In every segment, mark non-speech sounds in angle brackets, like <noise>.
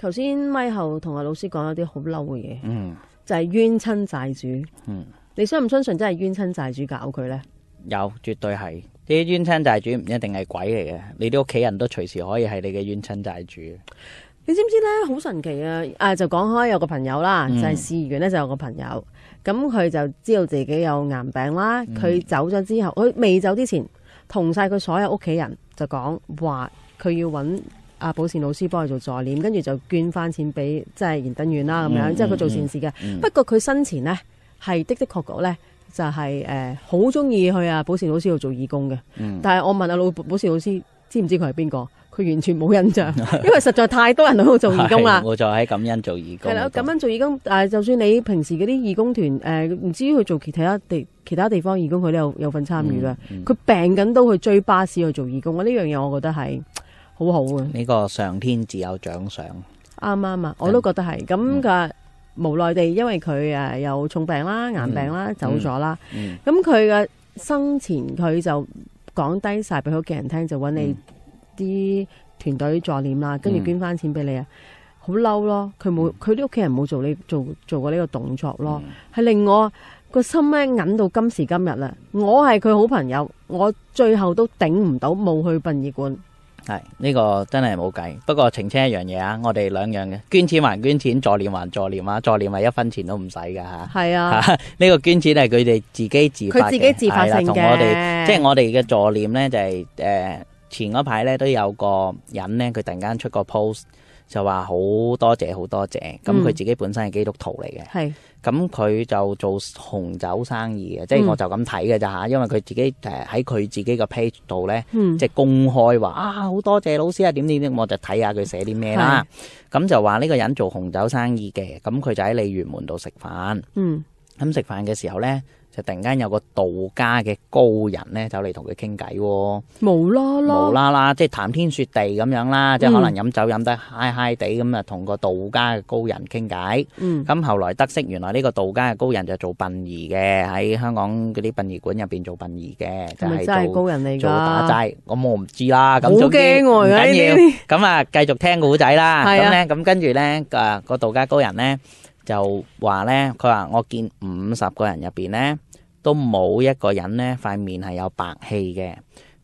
頭先，咪後同阿老師講咗啲好嬲嘅嘢。嗯，就係冤親債主，嗯，你信唔相信真係冤親債主搞佢咧？有，絕對係。呢啲冤親債主唔一定係鬼嚟嘅，你啲屋企人都隨時可以係你嘅冤親債主。你知唔知咧？好神奇啊！啊，就講開有個朋友啦，嗯、就係事緣咧，就有個朋友，咁佢就知道自己有癌病啦。佢、嗯、走咗之後，佢未走之前，同晒佢所有屋企人就講話，佢要揾。阿、啊、保善老師幫佢做助念，跟住就捐翻錢俾即係燃燈願啦咁樣，嗯、即係佢做善事嘅。嗯嗯、不過佢生前呢，係的的確確咧就係誒好中意去阿、啊、保善老師度做義工嘅。嗯、但係我問阿、啊、老保，保善老師知唔知佢係邊個，佢完全冇印象， <laughs> 因為實在太多人都喺度做義工啦。我就喺感恩做義工。係啦，感恩做義工，但、呃、係就算你平時嗰啲義工團誒，唔、呃、知去做其他，其他地其他，其他地方義工，佢都有有，有份參與㗎。佢病緊都去追巴士去做義工，我呢樣嘢我覺得係。好好啊，呢個上天自有獎賞，啱啱啊。我都覺得係咁嘅無奈地，因為佢誒又重病啦、癌病啦，走咗啦。咁佢嘅生前佢就講低晒俾佢屋企人聽，就揾你啲團隊助念啦，跟住、嗯、捐翻錢俾你啊。好嬲咯，佢冇佢啲屋企人冇做呢做做過呢個動作咯，係、嗯、令我個心咧忍到今時今日啦。我係佢好朋友，我最後都頂唔到，冇去殯儀館。係呢、這個真係冇計，不過澄清一樣嘢啊，我哋兩樣嘅捐錢還捐錢，助念還助念啊。助念係一分錢都唔使噶吓，係啊，呢 <laughs> 個捐錢係佢哋自己自發嘅，佢自己自發性嘅。同我哋，即係我哋嘅助念咧，就係、是、誒、呃、前嗰排咧都有個人咧，佢突然間出個 post 就話好多謝好多謝，咁佢、嗯、自己本身係基督徒嚟嘅。咁佢就做紅酒生意嘅，即係、嗯、我就咁睇嘅咋嚇，因為佢自己誒喺佢自己個 page 度咧，即係、嗯、公開話啊好多謝老師啊點點點，我就睇下佢寫啲咩啦。咁是就話呢個人做紅酒生意嘅，咁佢就喺鯉魚門度食飯。咁食、嗯、飯嘅時候咧。就突然間有個道家嘅高人咧，走嚟同佢傾偈，冇啦啦，冇啦啦，就是嗯、即係談天說地咁樣啦，即係可能飲酒飲得嗨嗨地咁啊，同個道家嘅高人傾偈。嗯，咁後來得悉，原來呢個道家嘅高人就做殯儀嘅，喺香港嗰啲殯儀館入邊做殯儀嘅，就係做打齋。我唔知啦，咁總之唔緊要。咁啊、嗯，繼續聽古仔啦。係啊，咁跟住咧，誒，個道家高人咧，就話呢，佢話我見五十個人入邊呢，都冇一個人呢塊面係有白氣嘅。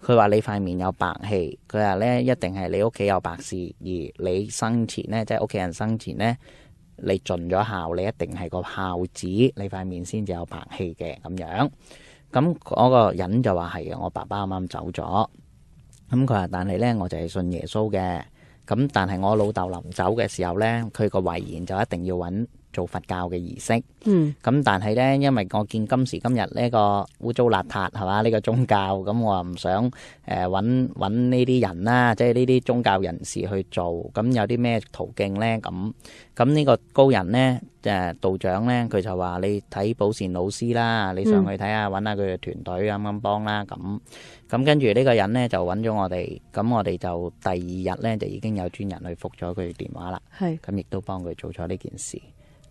佢話你塊面有白氣，佢話呢一定係你屋企有白事，而你生前呢，即係屋企人生前呢，你盡咗孝，你一定係個孝子，你塊面先至有白氣嘅咁樣。咁嗰個人就話係啊，我爸爸啱啱走咗。咁佢話，但係呢，我就係信耶穌嘅。咁但係我老豆臨走嘅時候呢，佢個遺言就一定要揾，做佛教嘅儀式，嗯，咁但係呢，因為我見今時今日呢個污糟邋遢，係嘛，呢個宗教，咁我唔想誒揾揾呢啲人啦，即係呢啲宗教人士去做，咁有啲咩途徑呢？咁咁呢個高人呢，誒、呃、道長呢，佢就話你睇寶善老師啦，你上去睇下揾下佢嘅團隊咁咁幫啦。咁咁跟住呢個人呢，就揾咗我哋，咁我哋就第二日呢，就已經有專人去覆咗佢電話啦，係咁亦都幫佢做咗呢件事。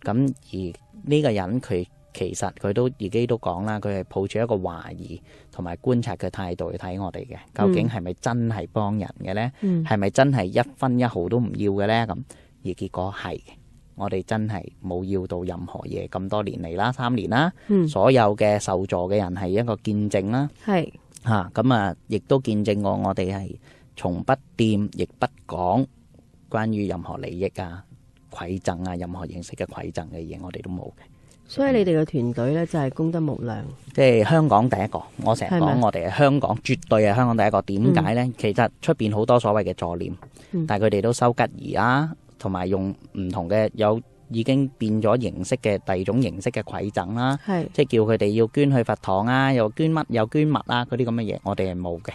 咁而呢個人佢其實佢都自己都講啦，佢係抱住一個懷疑同埋觀察嘅態度去睇我哋嘅，究竟係咪真係幫人嘅呢？係咪、嗯、真係一分一毫都唔要嘅呢？咁而結果係，我哋真係冇要到任何嘢。咁多年嚟啦，三年啦，嗯、所有嘅受助嘅人係一個見證啦，係嚇咁啊，亦、啊、都見證過我哋係從不掂亦不講關於任何利益啊。饋贈啊，任何形式嘅饋贈嘅嘢，我哋都冇嘅。所以你哋嘅團隊呢，就係、是、功德無量，即係香港第一個。我成日講我哋係香港，嗎絕對係香港第一個。點解呢？嗯、其實出邊好多所謂嘅助念，但係佢哋都收吉儀啦、啊，同埋用唔同嘅有已經變咗形式嘅第二種形式嘅饋贈啦，是即係叫佢哋要捐去佛堂啊，又捐乜又捐物啊，嗰啲咁嘅嘢，我哋係冇嘅。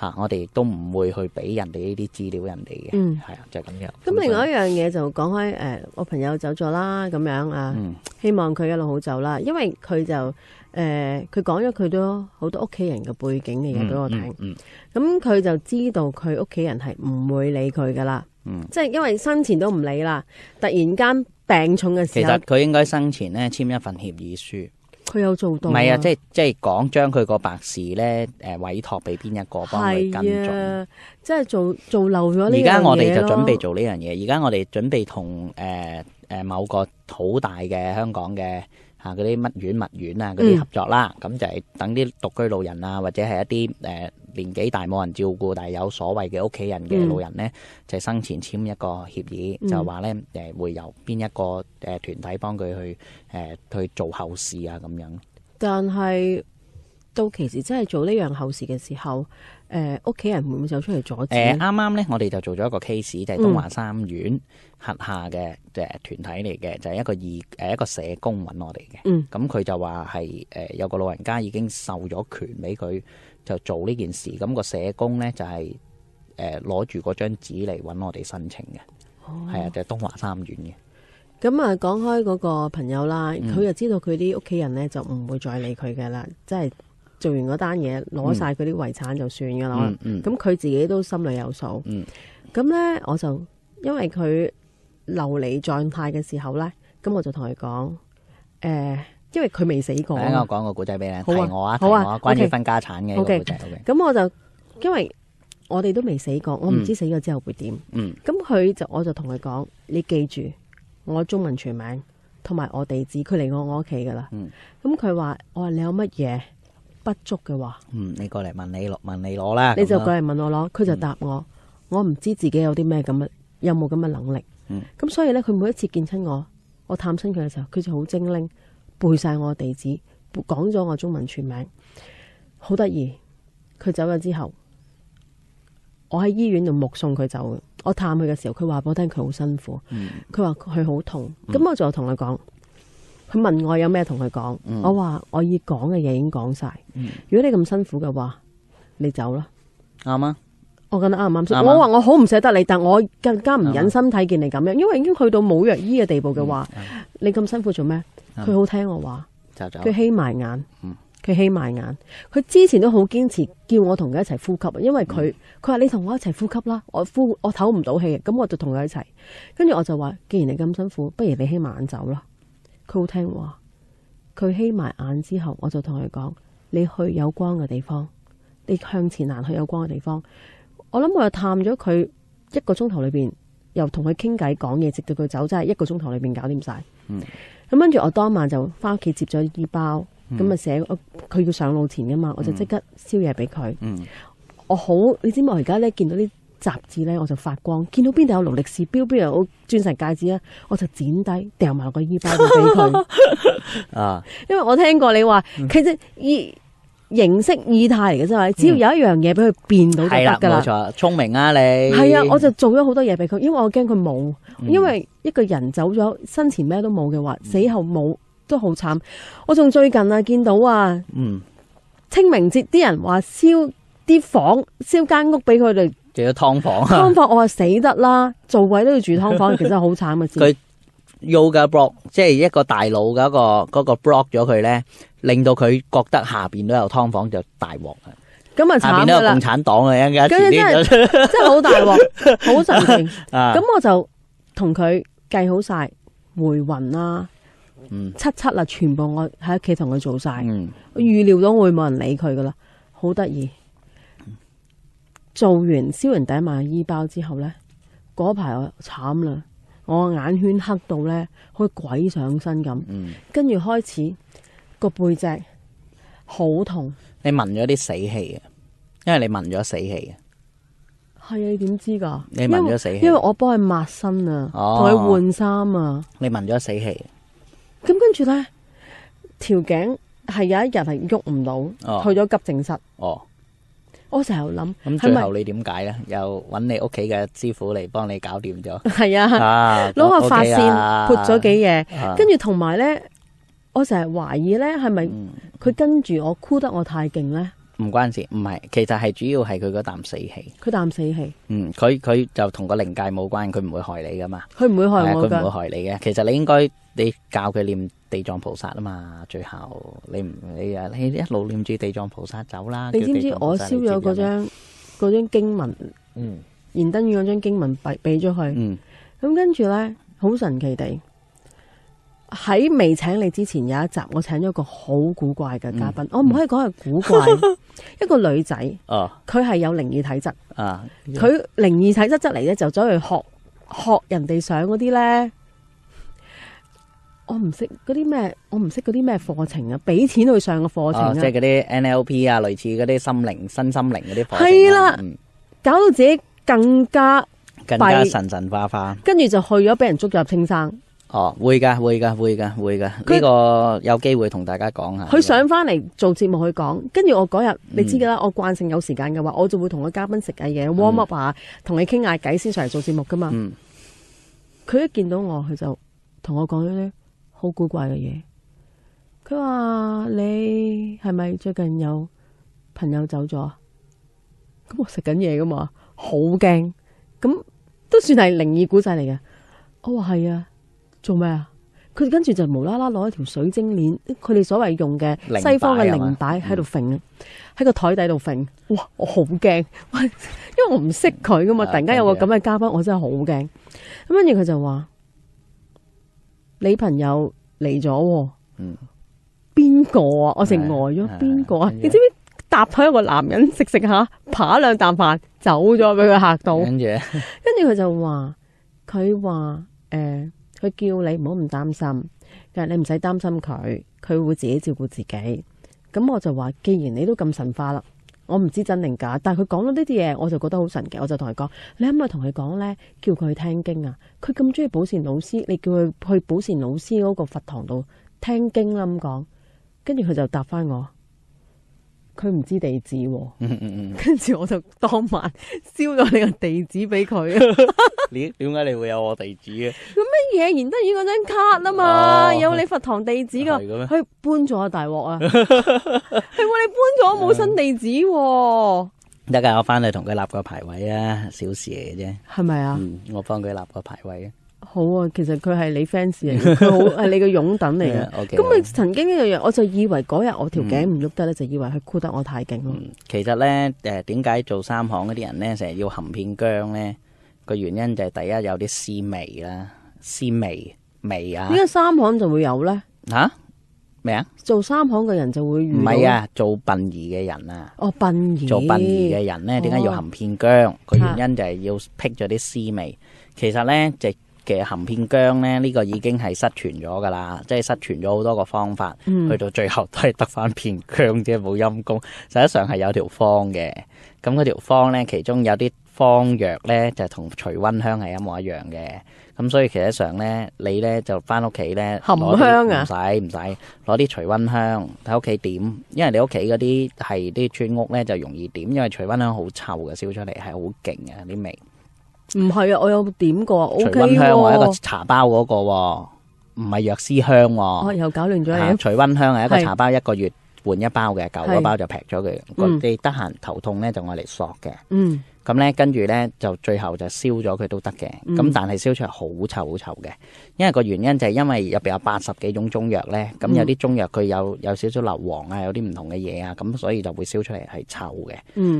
嚇、啊！我哋都唔會去俾人哋呢啲資料人哋嘅，係啊、嗯，就咁、是、樣。咁另外一樣嘢就講開誒、呃，我朋友走咗啦，咁樣啊，希望佢一路好走啦。因為佢就誒，佢講咗佢都好多屋企人嘅背景嘅嘢俾我睇。咁佢、嗯嗯嗯、就知道佢屋企人係唔會理佢噶啦。嗯、即係因為生前都唔理啦，突然間病重嘅時候，其實佢應該生前咧簽一份協議書。佢有做到。唔係啊，即係即係講將佢個白事咧，誒委託俾邊一個幫佢跟進。係啊，即係做做漏咗呢樣嘢咯。而家我哋就準備做呢樣嘢。而家我哋準備同誒誒某個好大嘅香港嘅。啊嗰啲乜院乜院啊，嗰啲合作啦，咁就係等啲獨居老人啊，或者係一啲誒年紀大冇人照顧，但係有所謂嘅屋企人嘅老人咧，就生前簽一個協議，就話咧誒會由邊一個誒團體幫佢去誒去做後事啊咁樣。但係到其時真係做呢樣後事嘅時候。誒屋企人會唔會走出嚟阻止呢？啱啱咧，我哋就做咗一個 case，就係、是、東華三院轄下嘅誒團體嚟嘅，嗯、就係一個二誒一個社工揾我哋嘅。嗯，咁佢、嗯、就話係誒有個老人家已經授咗權俾佢，就做呢件事。咁、嗯、個社工咧就係誒攞住嗰張紙嚟揾我哋申請嘅，係、哦、啊，就係、東華三院嘅。咁、哦、啊，講開嗰個朋友啦，佢、嗯、就知道佢啲屋企人咧就唔會再理佢嘅啦，即係。做完嗰單嘢，攞晒佢啲遺產就算噶啦。咁佢自己都心裏有數。咁咧，我就因為佢流離狀態嘅時候咧，咁我就同佢講誒，因為佢未死過。我講個古仔俾你，好啊，好啊，我關於份家產嘅。O K，咁我就因為我哋都未死過，我唔知死咗之後會點。咁佢就我就同佢講，你記住我中文全名同埋我地址，佢嚟我我屋企噶啦。咁佢話我話你有乜嘢？不足嘅話，嗯，你過嚟問你攞，問你攞啦，就你就過嚟問我攞，佢就答我，嗯、我唔知自己有啲咩咁嘅，有冇咁嘅能力，咁、嗯、所以呢，佢每一次見親我，我探親佢嘅時候，佢就好精靈，背晒我地址，講咗我中文全名，好得意。佢走咗之後，我喺醫院度目送佢走嘅，我探佢嘅時候，佢話俾我聽佢好辛苦，佢話佢好痛，咁、嗯、我就同佢講。佢問我有咩同佢講，我話我要講嘅嘢已經講晒。如果你咁辛苦嘅話，你走啦，啱啊？我覺得啱唔啱先。我話我好唔捨得你，但我更加唔忍心睇見你咁樣，因為已經去到冇藥醫嘅地步嘅話，你咁辛苦做咩？佢好聽我話，佢瞌埋眼，佢瞌埋眼。佢之前都好堅持叫我同佢一齊呼吸，因為佢佢話你同我一齊呼吸啦，我呼我唞唔到氣，咁我就同佢一齊。跟住我就話，既然你咁辛苦，不如你瞌埋眼走啦。佢好聽話，佢閉埋眼之後，我就同佢講：你去有光嘅地方，你向前行去有光嘅地方。我諗我又探咗佢一個鐘頭裏邊，又同佢傾偈講嘢，直到佢走，真係一個鐘頭裏邊搞掂晒。咁跟住我當晚就翻屋企接咗衣包，咁啊、嗯、寫佢要上路前噶嘛，我就即刻燒嘢俾佢。嗯嗯、我好，你知唔知我而家咧見到啲，雜誌咧，我就發光見到邊度有勞力士表，邊度有鑽石戒指啊，我就剪低掉埋個衣包俾佢啊。 <laughs> 因為我聽過你話，嗯、其實意形式意態嚟嘅啫，只要有一樣嘢俾佢變到就得㗎喇，冇錯、嗯，聰明啊你係啊，我就做咗好多嘢俾佢，因為我驚佢冇，嗯、因為一個人走咗，生前咩都冇嘅話，死後冇都好慘。我仲最近啊，見到啊，嗯，清明節啲人話燒啲房，燒房，燒房，燒間屋俾佢哋。住劏房啊！劏房我話死得啦，做鬼都要住劏房，其實好慘啊！佢 yoga <laughs> block，即係一個大腦嗰個嗰、嗰個 block 咗佢咧，令到佢覺得下邊都有劏房就大鑊啦。咁啊慘噶啦！下邊都有共產黨嚟嘅，真係真係真係好大鑊，好神奇。咁 <laughs> 我就同佢計好晒回魂啦，嗯、七七啦，全部我喺屋企同佢做晒。嗯、我預料到會冇人理佢噶啦，好得意。做完燒完底埋衣包之後咧，嗰排我慘啦，我眼圈黑到咧，好似鬼上身咁。嗯，跟住開始個背脊好痛。你聞咗啲死氣嘅，因為你聞咗死氣嘅。係啊，你點知噶？你聞咗死氣因，因為我幫佢抹身啊，同佢，哦，換衫啊。你聞咗死氣。咁跟住咧，條頸係有一日係喐唔到，哦，去咗急症室。哦。我成日諗，咁最後你點解咧？又搵你屋企嘅師傅嚟幫你搞掂咗？係啊，攞個、啊、髮線潑咗、啊 okay 啊、幾嘢、啊、跟住同埋咧，我成日懷疑咧，係咪佢跟住我箍得我太勁咧？唔關事，唔係，其實係主要係佢個啖死氣，佢啖死氣。嗯，佢佢就同個靈界冇關，佢唔會害你噶嘛。佢唔會害我、啊，佢唔會害你嘅。你其實你應該你，你教佢念。地藏菩薩啊嘛，最後你唔你啊你，你一路念住地藏菩薩走啦。你知唔知我燒咗嗰張嗰張經文？嗯，燃燈宇嗰張經文俾俾咗佢。嗯，咁跟住咧，好神奇地喺未請你之前有一集，我請咗一個好古怪嘅嘉賓。嗯、我唔可以講係古怪， <laughs> 一個女仔。哦，佢係有靈異體質。啊，佢、yeah，靈異體質出嚟咧，就走去學學人哋想嗰啲咧。我唔識嗰啲咩，我唔識嗰啲咩課程啊！俾錢去上嘅課程啊！哦、即係嗰啲 NLP 啊，類似嗰啲心靈、新心靈嗰啲課程，啊。係、嗯、啦，搞到自己更加更加神神化化，跟住就去咗俾人捉入青山。哦，會噶，會噶，會噶，會噶，呢他個有機會同大家講下。佢上翻嚟做節目，去講，跟住他我嗰日、嗯、你知噶啦，我慣性有時間嘅話，我就會同個嘉賓食下嘢，warm up 下，同你傾下偈先上嚟做節目噶嘛。佢、嗯、一見到我，佢就同我講咗啲。好古怪嘅嘢，佢話你係咪最近有朋友走咗啊？咁我食緊嘢噶嘛，好驚，咁都算係靈異古仔嚟嘅。我話係啊，做咩啊？佢跟住就無啦啦攞一條水晶鏈，佢哋所謂用嘅西方嘅靈擺喺度揈啊，喺、嗯、個台底度揈。哇，我好驚，因為我唔識佢噶嘛，突然間有個咁嘅嘉賓，我真係好驚。咁跟住佢就話。你朋友嚟咗、哦，嗯，邊個啊？我成呆咗邊個啊？的你知唔知的搭台有個男人食食下，扒兩啖飯走咗，俾佢吓到。跟住佢就話，佢話誒，佢、呃、叫你唔好唔擔心，但係你唔使擔心佢，佢會自己照顧自己。咁我就話，既然你都咁神化啦。我唔知真定假，但係佢講到呢啲嘢，我就覺得好神奇。我就同佢講，你可唔可以同佢講咧，叫佢去聽經啊？佢咁中意寶善老師，你叫佢去寶善老師嗰個佛堂度聽經啦咁講，跟住佢就答返我。佢唔知地址、啊，跟住、嗯嗯嗯、我就當晚燒咗你個地址俾佢。點點解你會有我地址嘅？咁咩嘢？賢德苑嗰張卡啊嘛，哦、有你佛堂地址噶，佢搬咗啊大鑊啊，係我哋搬咗冇新地址喎、啊。得噶，我翻去同佢立個牌位啊，小事嚟嘅啫。係咪啊？嗯、我幫佢立個牌位。好啊，其實佢係你 fans 嚟，嘅， <laughs> 好係你個擁躉嚟嘅。咁 Yeah, okay, 你曾經一樣嘢，我就以為嗰日我條頸唔喐得咧，嗯、就以為佢箍得我太勁、嗯、其實咧，誒點解做三行嗰啲人咧，成日要含片薑咧？個原因就係第一有啲絲味啦，絲味味啊。點解三行就會有咧？吓、啊？咩啊？做三行嘅人就會唔係啊？做殯儀嘅人啊？哦，殯儀做殯儀嘅人咧，點解要含片薑？個、啊、原因就係要辟咗啲絲味。其實咧，就是。就是其實含片姜咧，呢、這個已經係失傳咗噶啦，即係失傳咗好多個方法，嗯、去到最後都係得翻片姜啫，冇陰功。實際上係有條方嘅，咁嗰條方咧，其中有啲方藥咧就同除瘟香係一模一樣嘅，咁所以實際上咧，你咧就翻屋企咧，含香啊，唔使唔使攞啲除瘟香喺屋企點，因為你屋企嗰啲係啲村屋咧就容易點，因為除瘟香好臭嘅，燒出嚟係好勁呀，啲味。唔係啊，我有點過啊，除温香 Okay、哦、一個茶包嗰、那個，唔係藥師香。哦，又搞亂咗、啊，係除温香係是 一個茶包，一個月換一包嘅，舊嗰是 包就劈咗佢。我哋得閒頭痛咧，就愛嚟索嘅。嗯。咁咧，跟住咧就最後就燒咗佢都得嘅。咁但係燒出嚟好臭好臭嘅，因為個原因就係因為入邊有八十幾種中藥咧。咁有啲中藥佢有有少少硫磺啊，有啲唔同嘅嘢啊，咁所以就會燒出嚟係臭嘅。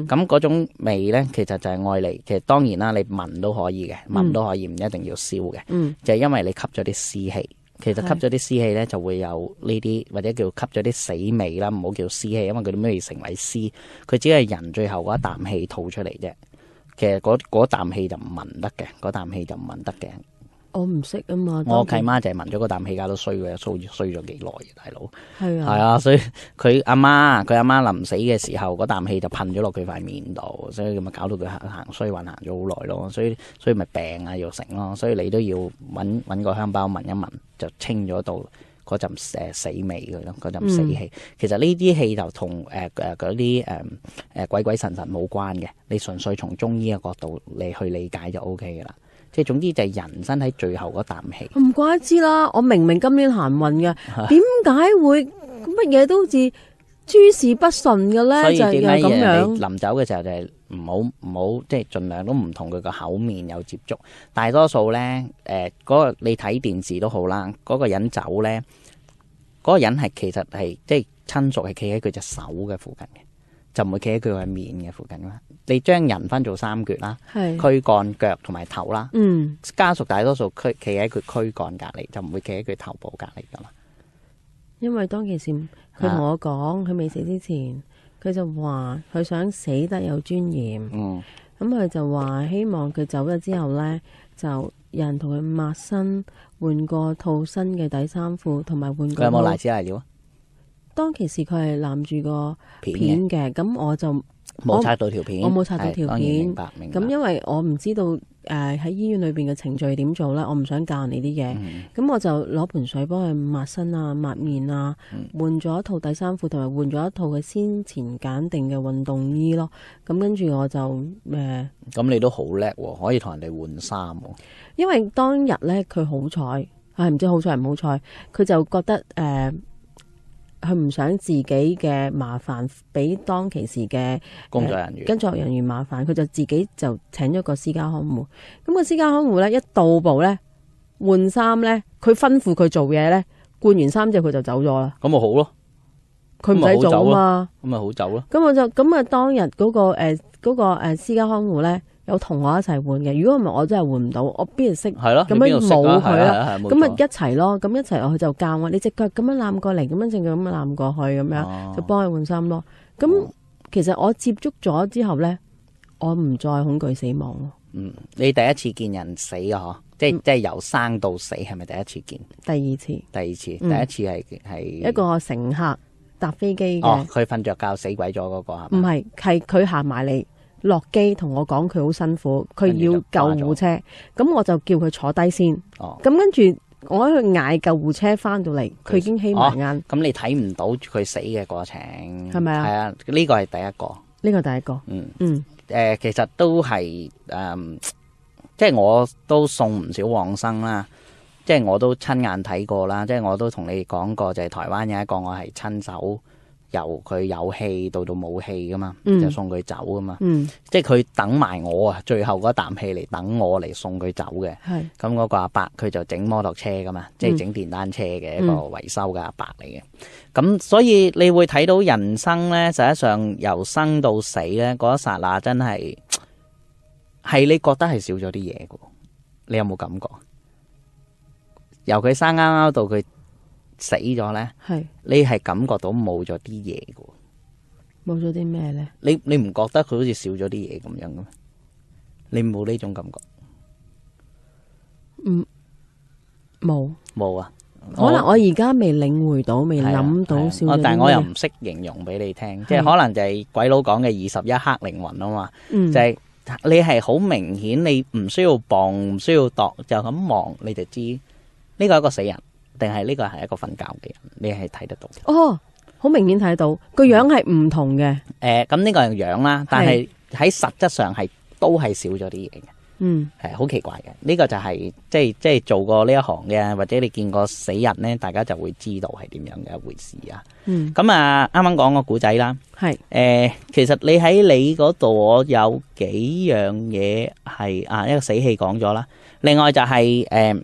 咁嗰種味咧，其實就係愛嚟。其實當然啦，你聞都可以嘅，聞都可以，唔一定要燒嘅。就係因為你吸咗啲屍氣，其實吸咗啲屍氣咧就會有呢啲或者叫吸咗啲死味啦。唔好叫屍氣，因為佢都未成為屍，佢只係人最後嗰一啖氣吐出嚟啫。其實嗰啖氣就唔聞得嘅，嗰啖氣就唔聞得嘅。我唔識啊嘛。我契媽媽就係聞咗嗰啖氣搞到衰嘅，衰衰咗幾耐大佬。係啊，係啊，啊，所以佢阿媽佢阿媽臨死嘅時候嗰啖氣就噴咗落佢塊面度，所以咁咪搞到佢行行衰運行咗好耐咯。所以所以咪病啊又成咯。所以你都要揾揾個香包聞一聞就清咗到。嗰陣誒死味嘅，嗰陣死氣，其實呢啲氣就同誒誒嗰啲誒誒鬼鬼神神冇關嘅，你純粹從中醫嘅角度你去理解就 O K 嘅啦。即係總之就係人生喺最後嗰啖氣。唔怪之啦，我明明今年行運嘅，點解會乜嘢都好似諸事不順嘅咧？就係咁樣 <laughs> 所以點解人哋臨走嘅時候就係、是。唔好唔好，即係盡量都唔同佢個口面有接觸。大多數咧，誒、呃，嗰個你睇電視都好啦，嗰個人走咧，嗰個人係其實係即係親屬係企喺佢隻手嘅附近嘅，就唔會企喺佢個面嘅附近噶。你將人分做三橛啦，係軀幹、腳同埋頭啦。嗯，家屬大多數佢企喺佢軀幹隔離，就唔會企喺佢頭部隔離噶嘛。因為當件事，佢同我講，佢未死之前。佢就話：佢想死得有尊嚴。咁佢、嗯、就話希望佢走咗之後呢，就有人同佢抹身，換過套新嘅底衫褲，同埋換過。佢有冇瀨子材料啊？當其時佢係攬住個片嘅，咁的我就冇拆到條片。我冇拆到條片。咁因為我唔知道。誒，喺、呃、醫院裏邊嘅程序點做咧？我唔想教人哋啲嘢，咁、嗯、我就攞盆水幫佢抹身啊、抹面啊，換咗一套底衫褲，同埋換咗一套嘅先前揀定嘅運動衣咯。咁、嗯、跟住我就誒，咁、呃、你都好叻、哦，可以同人哋換衫。因為當日咧，佢好彩，係、哎、唔知好彩唔好彩，佢就覺得誒。呃佢唔想自己嘅麻煩，俾當其時嘅工作人員、呃、工作人員麻煩，佢就自己就請咗個私家看護。咁、嗰個私家看護咧，一到步咧，換衫咧，佢吩咐佢做嘢咧，換完衫之後佢就走咗啦。咁咪好咯，佢唔使做啊嘛。咁咪好走咯、啊。咁、啊、我就咁啊，當日嗰、嗰個誒嗰、呃嗰個、私家看護咧。有同我一齊換嘅，如果唔係我真係換唔到，我邊人識咁樣冇佢啦，咁咪一齊咯，咁一齊落去我佢就教我，你隻腳咁樣攬過嚟，咁樣正佢咁樣攬過去，咁樣、哦、就幫佢換衫咯。咁其實我接觸咗之後咧，我唔再恐懼死亡咯。嗯，你第一次見人死啊？嗬、嗯，即係即係由生到死係咪第一次見？第二次，第二次，嗯、第一次係係、嗯、一個乘客搭飛機佢瞓着覺死鬼咗嗰個係咪？唔係，係佢行埋嚟。 <music> 落機同我講佢好辛苦，佢要救護車，咁後我就叫佢坐低先。咁、哦、跟住我喺度嗌救護車翻到嚟，佢、哦、已經起埋眼、哦。咁你睇唔到佢死嘅過程，係咪啊？係啊，呢個係第一個。呢個第一個，嗯嗯，誒、嗯呃，其實都係誒、嗯，即係我都送唔少往生啦，即係我都親眼睇過啦，即係我都同你講過，就係、是、台灣有一個我係親手。由佢有氣到到冇氣噶嘛，就送佢走噶嘛，即係佢等埋我啊，最後嗰啖氣嚟等我嚟送佢走嘅。咁嗰個阿伯佢就整摩托車噶嘛，即係整電單車嘅一個維修嘅阿伯嚟嘅。咁、嗯嗯、所以你會睇到人生咧，實際上由生到死咧，嗰一剎那真係係你覺得係少咗啲嘢嘅。你有冇感覺？由佢生啱啱到佢死咗呢，你係感覺到冇咗啲嘢嘅，冇咗啲咩呢？你你唔覺得佢好似少咗啲嘢咁樣嘅咩？你冇呢種感覺？嗯，冇冇啊？可能我而家未領會到，未諗到。但係我又唔識形容俾你聽，即係可能就係鬼佬講嘅二十一克靈魂啊嘛，就係你係好明顯，你唔需要磅，唔需要度，就咁望你就知呢個係一個死人。定係呢個係一個瞓覺嘅人，你係睇得到嘅。哦，好明顯睇得到，嗯嗯嗯，個樣係唔同嘅。誒，咁呢個人樣啦，但係喺實質上係都係少咗啲嘢嘅。嗯，係好奇怪嘅。呢、這個就係、是、即係即係做過呢一行嘅，或者你見過死人咧，大家就會知道係點樣嘅一回事啊。嗯。咁、嗯、啊，啱啱講個古仔啦。係是。誒，其實你喺你嗰度，我有幾樣嘢係啊，一、這個死氣講咗啦。另外就係、是、誒，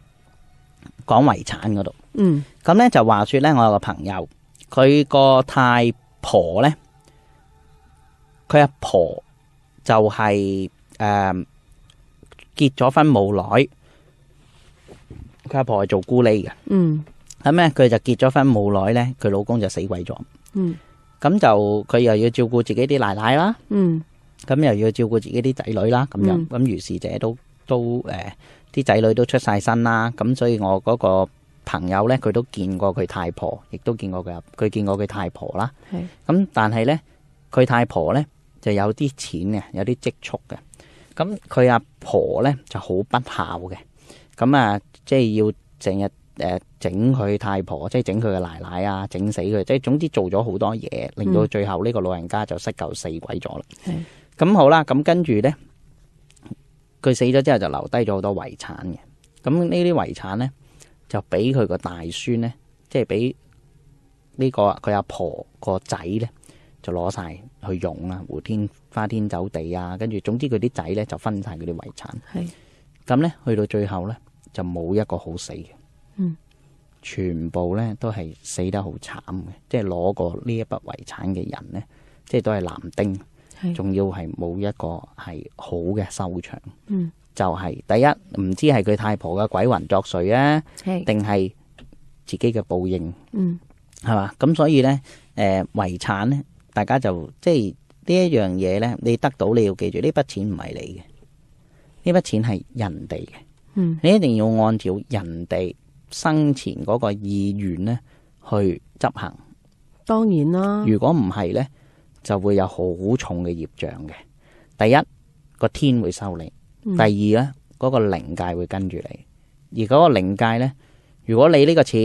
講遺產嗰度。嗯，咁咧就話說咧，我有個朋友，佢個太婆咧，佢阿婆就係、是、誒、呃、結咗婚冇耐，佢阿婆係做姑 l 嘅，嗯，咁咧佢就結咗婚冇耐咧，佢老公就死鬼咗，嗯，咁就佢又要照顧自己啲奶奶啦，嗯，咁又要照顧自己啲仔女啦，咁樣咁、嗯、如是者都都誒啲仔女都出晒身啦，咁所以我嗰、那個。朋友咧，佢都見過佢太婆，亦都見過佢阿佢見過佢太婆啦。係咁是的，但係咧，佢太婆咧就有啲錢嘅，有啲積蓄嘅。咁佢阿婆咧就好不孝嘅，咁、嗯、啊，即、就、係、是、要整日誒整佢太婆，即係整佢嘅奶奶啊，整死佢，即係總之做咗好多嘢，令到最後呢個老人家就失救死鬼咗啦。咁好啦，咁、嗯、跟住咧，佢死咗之後就留低咗好多遺產嘅。咁呢啲遺產咧，就俾佢個大孫呢，即係俾呢個佢阿婆個仔呢，就攞晒去用啦，胡天花天酒地啊，跟住總之佢啲仔呢就分晒佢啲遺產。係咁呢，去到最後呢，就冇一個好死嘅，嗯，全部呢都係死得好慘嘅，即係攞過呢一筆遺產嘅人呢，即係都係男丁，仲是要係冇一個係好嘅收場，嗯。就係第一唔知係佢太婆嘅鬼魂作祟啊，定係係自己嘅報應，嗯係嘛？咁所以呢，誒遺產呢，大家就即係呢一樣嘢，呢你得到你要記住呢筆錢唔係你嘅，呢筆錢係人哋嘅，嗯，你一定要按照人哋生前嗰個意願呢去執行，當然啦。如果唔係呢，就會有好重嘅業障嘅。第一，個天會收你。第二咧，嗰、那個靈界會跟住你，而嗰個靈界咧，如果你呢個錢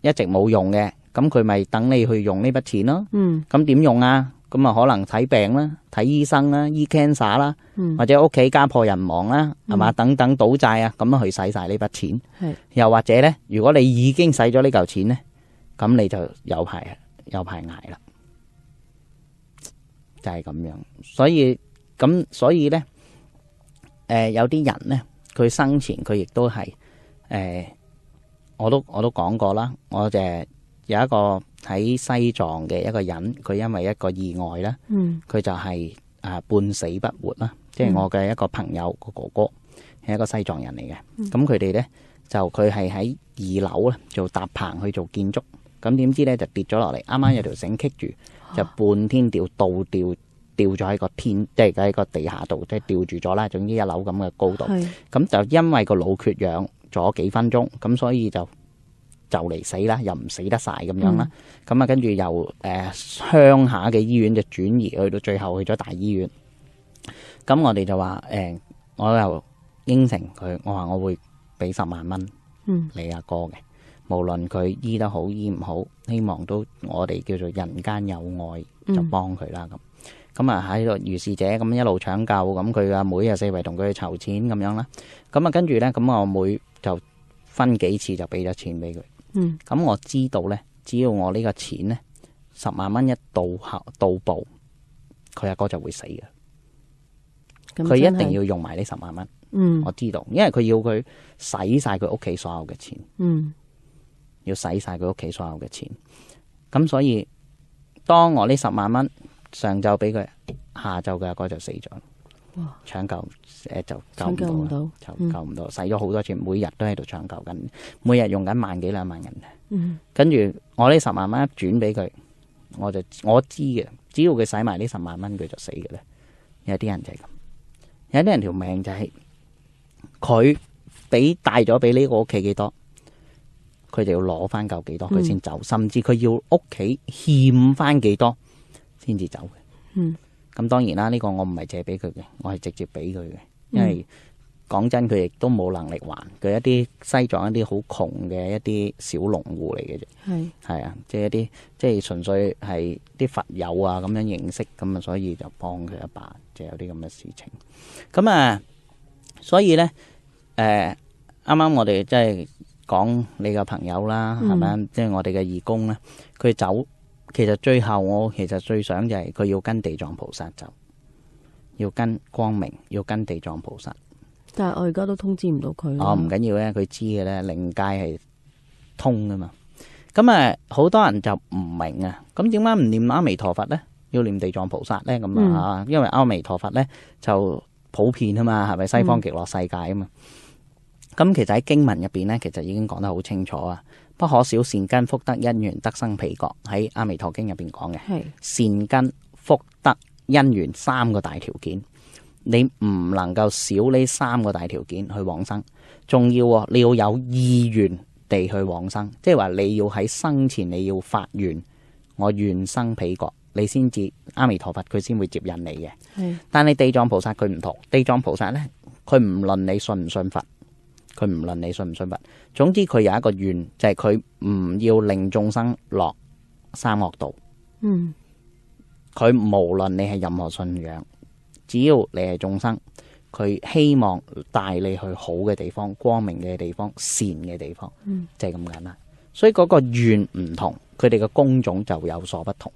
一直冇用嘅，咁佢咪等你去用呢筆錢咯。咁點、嗯、用啊？咁啊可能睇病啦、啊、睇醫生啦、啊、醫 cancer 啦、啊，嗯、或者屋企家破人亡啦、啊，係嘛、嗯？等等賭債啊，咁樣去使晒呢筆錢。是又或者咧，如果你已經使咗呢嚿錢咧，咁你就有排有排挨啦，就係、是、咁樣。所以咁所以咧。誒、呃，有啲人呢，佢生前佢亦都係，誒、呃，我都我都講過啦。我就有一個喺西藏嘅一個人，佢因為一個意外咧，佢、嗯、就係、是、誒、呃、半死不活啦。即係我嘅一個朋友個哥哥，係、嗯、一個西藏人嚟嘅。咁佢哋呢，就佢係喺二樓啦，做搭棚去做建築。咁點知呢，就跌咗落嚟，啱啱有條繩棘住，嗯、就半天吊，倒吊。吊咗喺個天，即係喺個地下度，即係吊住咗啦。總、就、之、是、一樓咁嘅高度，咁是就因為個腦缺氧咗幾分鐘，咁所以就就嚟死啦，又唔死得晒咁樣啦。咁啊、嗯，跟住由誒鄉、呃、下嘅醫院就轉移去到最後去咗大醫院。咁我哋就話誒、欸，我又應承佢，我話我會俾十萬蚊，你阿哥嘅，無論佢醫得好醫唔好，希望都我哋叫做人間有愛就幫，就幫佢啦咁。咁啊喺度如是者咁一路搶救，咁佢阿妹又四圍同佢去籌錢咁樣啦。咁啊跟住咧，咁我妹就分幾次就俾咗錢俾佢。嗯。咁我知道咧，只要我呢個錢咧，十萬蚊一到下倒步，佢阿哥，哥就會死嘅。佢、嗯、一定要用埋呢十萬蚊。嗯。我知道，因為佢要佢使晒佢屋企所有嘅錢。嗯。要使晒佢屋企所有嘅錢。咁所以，當我呢十萬蚊。上晝俾佢，下晝嘅阿哥就死咗。哇！搶救誒、呃，就救唔到，救就救唔到，嗯、使咗好多錢，每日都喺度搶救緊，每日用緊萬幾兩萬人。嗯，跟住我呢十萬蚊一轉俾佢，我就我知嘅，只要佢使埋呢十萬蚊，佢就死嘅咧。有啲人就係咁，有啲人條命就係佢俾帶咗俾呢個屋企幾多，佢就要攞翻夠幾多佢先走，嗯、甚至佢要屋企欠翻幾多，先至走嘅，咁當然啦。呢個我唔係借俾佢嘅，我係直接俾佢嘅。因為講、嗯、真，佢亦都冇能力還。佢一啲西藏一啲好窮嘅一啲小農戶嚟嘅啫，係係是啊，即係一啲即係純粹係啲佛友啊咁樣認識，咁啊，所以就幫佢一把就有啲咁嘅事情。咁啊，所以咧，誒啱啱我哋即係講你個朋友啦，係咪，嗯？即係我哋嘅義工咧，佢走，其實最後我其實最想就係佢要跟地藏菩薩走，要跟光明，要跟地藏菩薩。但係我而家都通知唔到佢。哦，唔緊要咧，佢知嘅咧，靈界係通噶嘛。咁啊，好多人就唔明啊。咁點解唔念阿彌陀佛咧？要念地藏菩薩咧？咁啊，嗯、因為阿彌陀佛咧就普遍啊嘛，係咪西方極樂世界啊嘛？咁、嗯、其實喺經文入邊咧，其實已經講得好清楚啊。不可少善根、福德、因緣得生彼國，喺《阿彌陀經》入邊講嘅善根、福德、因緣三個大條件，你唔能夠少呢三個大條件去往生，仲要啊你要有意願地去往生，即係話你要喺生前你要發願，我願生彼國，你先至阿彌陀佛佢先會接引你嘅。但你地藏菩薩佢唔同，地藏菩薩呢，佢唔論你信唔信佛。佢唔論你信唔信佛，總之佢有一個願，就係佢唔要令眾生落三惡道。嗯，佢無論你係任何信仰，只要你係眾生，佢希望帶你去好嘅地方、光明嘅地方、善嘅地方，嗯、就係咁簡單。所以嗰個願唔同，佢哋嘅工種就有所不同。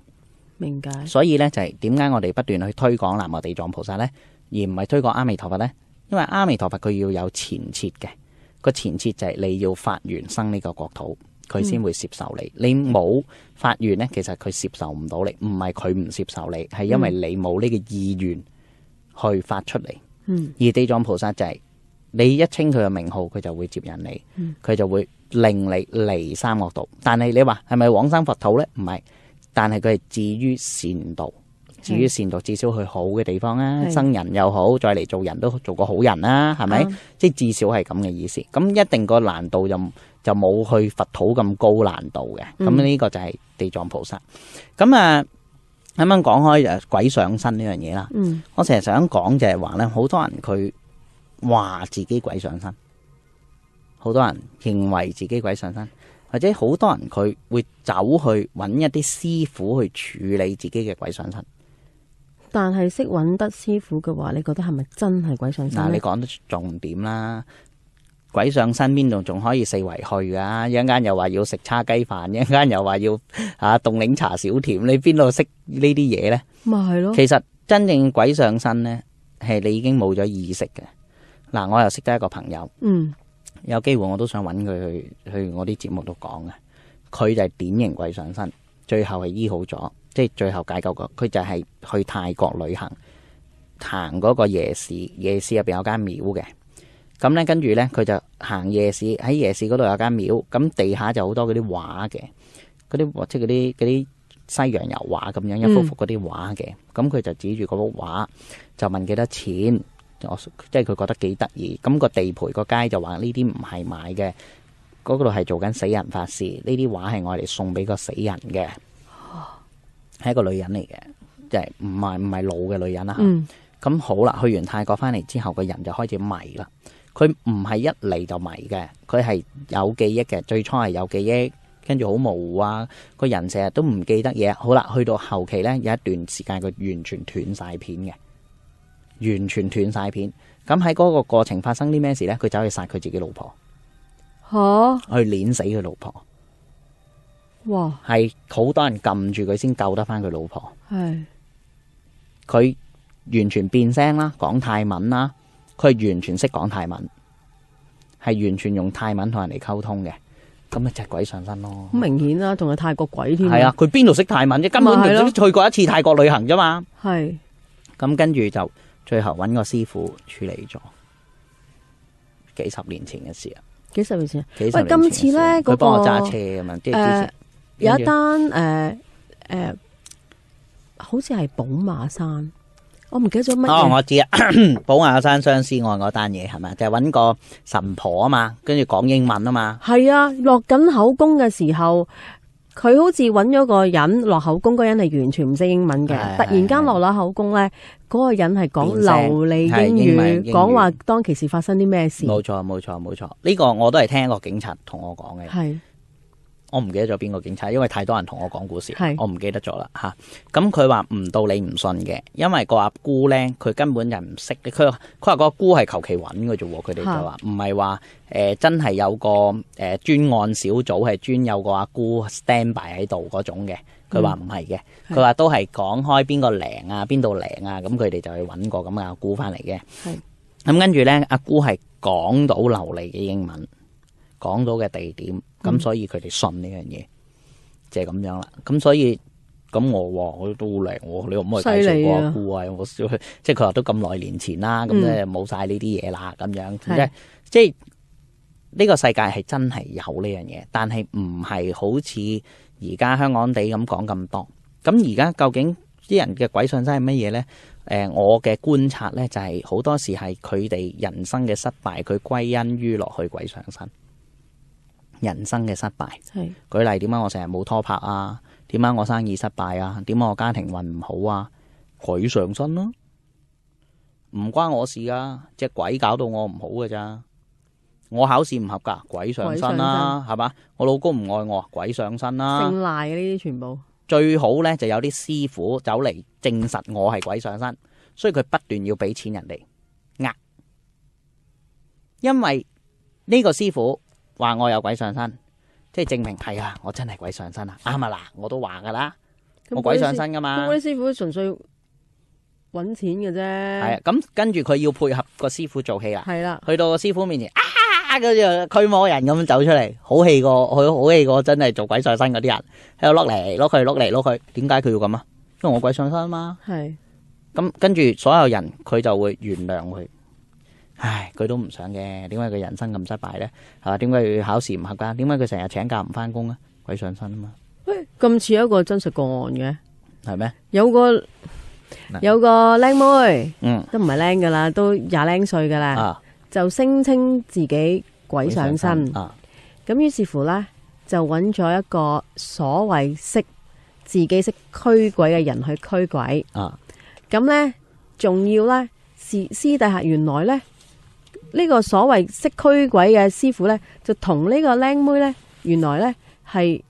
明解。所以呢，就係點解我哋不斷去推廣南無地藏菩薩呢？而唔係推廣阿彌陀佛呢？因為阿彌陀佛佢要有前設嘅。個前設就係你要發願生呢個國土，佢先會接受你。你冇發願呢，其實佢接受唔到你。唔係佢唔接受你，係因為你冇呢個意願去發出嚟。而地藏菩薩就係、是、你一稱佢嘅名號，佢就會接引你，佢就會令你離三惡道。但係你話係咪往生佛土呢？唔係，但係佢係至於善道。至於善道，至少去好嘅地方啊！生是的 人又好，再嚟做人都做個好人啦，啊，係咪？即係、啊、至少係咁嘅意思。咁一定個難度就就冇去佛土咁高難度嘅。咁呢個就係地藏菩薩。咁、嗯、啊，啱啱講開鬼上身呢樣嘢啦。嗯、我成日想講就係話呢，好多人佢話自己鬼上身，好多人認為自己鬼上身，或者好多人佢會走去揾一啲師傅去處理自己嘅鬼上身。但係識揾得師傅嘅話，你覺得係咪真係鬼上身？嗱、啊，你講得重點啦，鬼上身邊度仲可以四圍去噶、啊？一陣間又話要食叉雞飯，一陣間又話要吓凍檸茶小甜，你邊度識呢啲嘢呢？咪係咯，其實真正鬼上身呢，係你已經冇咗意識嘅。嗱、啊，我又識得一個朋友，嗯，有機會我都想揾佢去去我啲節目度講嘅，佢就係典型鬼上身，最後係醫好咗。即係最後解救個佢就係去泰國旅行，行嗰個夜市，夜市入邊有間廟嘅。咁咧跟住咧，佢就行夜市，喺夜市嗰度有間廟，咁地下就好多嗰啲畫嘅，啲即係嗰啲啲西洋油畫咁樣，一幅幅嗰啲畫嘅。咁佢、嗯、就指住嗰幅畫，就問幾多錢？我即係佢覺得幾得意。咁個地陪個街就話呢啲唔係買嘅，嗰度係做緊死人法事，呢啲畫係我哋送俾個死人嘅。係一個女人嚟嘅，即係唔係唔係老嘅女人啦。咁、嗯嗯、好啦，去完泰國翻嚟之後，個人就開始迷啦。佢唔係一嚟就迷嘅，佢係有記憶嘅。最初係有記憶，跟住好模糊啊。個人成日都唔記得嘢。好啦，去到後期呢，有一段時間佢完全斷曬片嘅，完全斷晒片。咁喺嗰個過程發生啲咩事呢？佢走去殺佢自己老婆，吓、啊、去碾死佢老婆。哇！係好多人撳住佢先救得翻佢老婆的。係佢完全變聲啦，講泰文啦，佢係完全識講泰文，係完全用泰文同人哋溝通嘅。咁咪隻鬼上身咯！好明顯啦、啊，同係的泰國鬼添。係啊，佢邊度識泰文啫？根本佢只去過一次泰國旅行啫嘛。係咁的，跟住就最後搵個師傅處理咗。幾十年前嘅事啊！幾十年前，幾年前喂，今次咧佢個幫我揸車咁樣誒。呃之前有一單誒誒，好似係寶馬山，我唔記得咗乜。哦，我知啊，寶 <coughs> 馬山相思案嗰單嘢，係咪？就係、係，搵個神婆啊嘛，跟住講英文啊嘛。係啊，落緊口供嘅時候，佢好似搵咗個人落口供，嗰人係完全唔識英文嘅。啊、突然間落咗口供咧，嗰個、啊、人係講流利英語，講、啊、話當其時發生啲咩事。冇錯，冇錯，冇錯，呢、呢個我都係聽個警察同我講嘅。係、啊。我唔記得咗邊個警察，因為太多人同我講故事，是我唔記得咗啦嚇。咁佢話唔到你唔信嘅，因為個阿姑呢，佢根本就唔識。佢，佢話個阿姑係求其揾嘅啫喎，佢哋就話唔係話，誒真係有個誒專案小組係專有個阿姑 standby 喺度嗰種嘅。佢話唔係嘅，佢話是都係講開邊個嶺啊，邊度嶺啊，咁佢哋就去揾個咁嘅阿姑翻嚟嘅。咁跟住呢，阿姑係講到流利嘅英文。講到嘅地點，咁、嗯、所以佢哋信呢樣嘢，就係、是、咁樣啦。咁所以咁我我都好靚、啊，你可唔可以介紹我下古啊？我笑即係佢話都咁耐年前啦，咁即係冇晒呢啲嘢啦，咁樣，樣是即係即係呢、這個世界係真係有呢樣嘢，但係唔係好似而家香港地咁講咁多。咁而家究竟啲人嘅鬼上身係乜嘢咧？誒、呃，我嘅觀察咧就係、是、好多時係佢哋人生嘅失敗，佢歸因於落去鬼上身。人生嘅失敗，係是舉例點解我成日冇拖拍啊，點解我生意失敗啊，點解我家庭運唔好啊，鬼上身咯、啊，唔關我事啊，隻鬼搞到我唔好㗎咋？我考試唔合格，鬼上身啦、啊，係嘛？我老公唔愛我，鬼上身啦、啊。姓賴嘅呢啲全部最好呢，就有啲師傅走嚟證實我係鬼上身，所以佢不斷要俾錢人哋呃、啊，因為呢個師傅。話我有鬼上身，即係證明係啊，我真係鬼上身啊，啱啊嗱，我都話噶啦，嗯、我鬼上身噶嘛。嗰啲師傅純粹搵錢嘅啫。係啊，咁跟住佢要配合個師傅做戲啊。係啦，去到個師傅面前，啊，佢就驅魔人咁走出嚟，好氣過，佢好氣過，真係做鬼上身嗰啲人，喺度碌嚟碌去、碌嚟碌去，點解佢要咁啊？因為我鬼上身嘛。係是。咁跟住所有人，佢就會原諒佢。唉，佢都唔想嘅，點解佢人生咁失敗咧？係、啊、嘛？點解佢考試唔合格？點解佢成日請假唔翻工啊？鬼上身啊嘛！喂，咁似一個真實個案嘅，係咩嗎？有個有個靚妹，嗯，都唔係靚噶啦，都廿零歲噶啦，啊、就聲稱自己鬼上身，咁於、啊、是乎咧就揾咗一個所謂識自己識驅鬼嘅人去驅鬼，咁咧仲要咧私私底下原來咧，呢個所謂識驅鬼嘅師傅呢，就同呢個靚妹呢，原來呢，係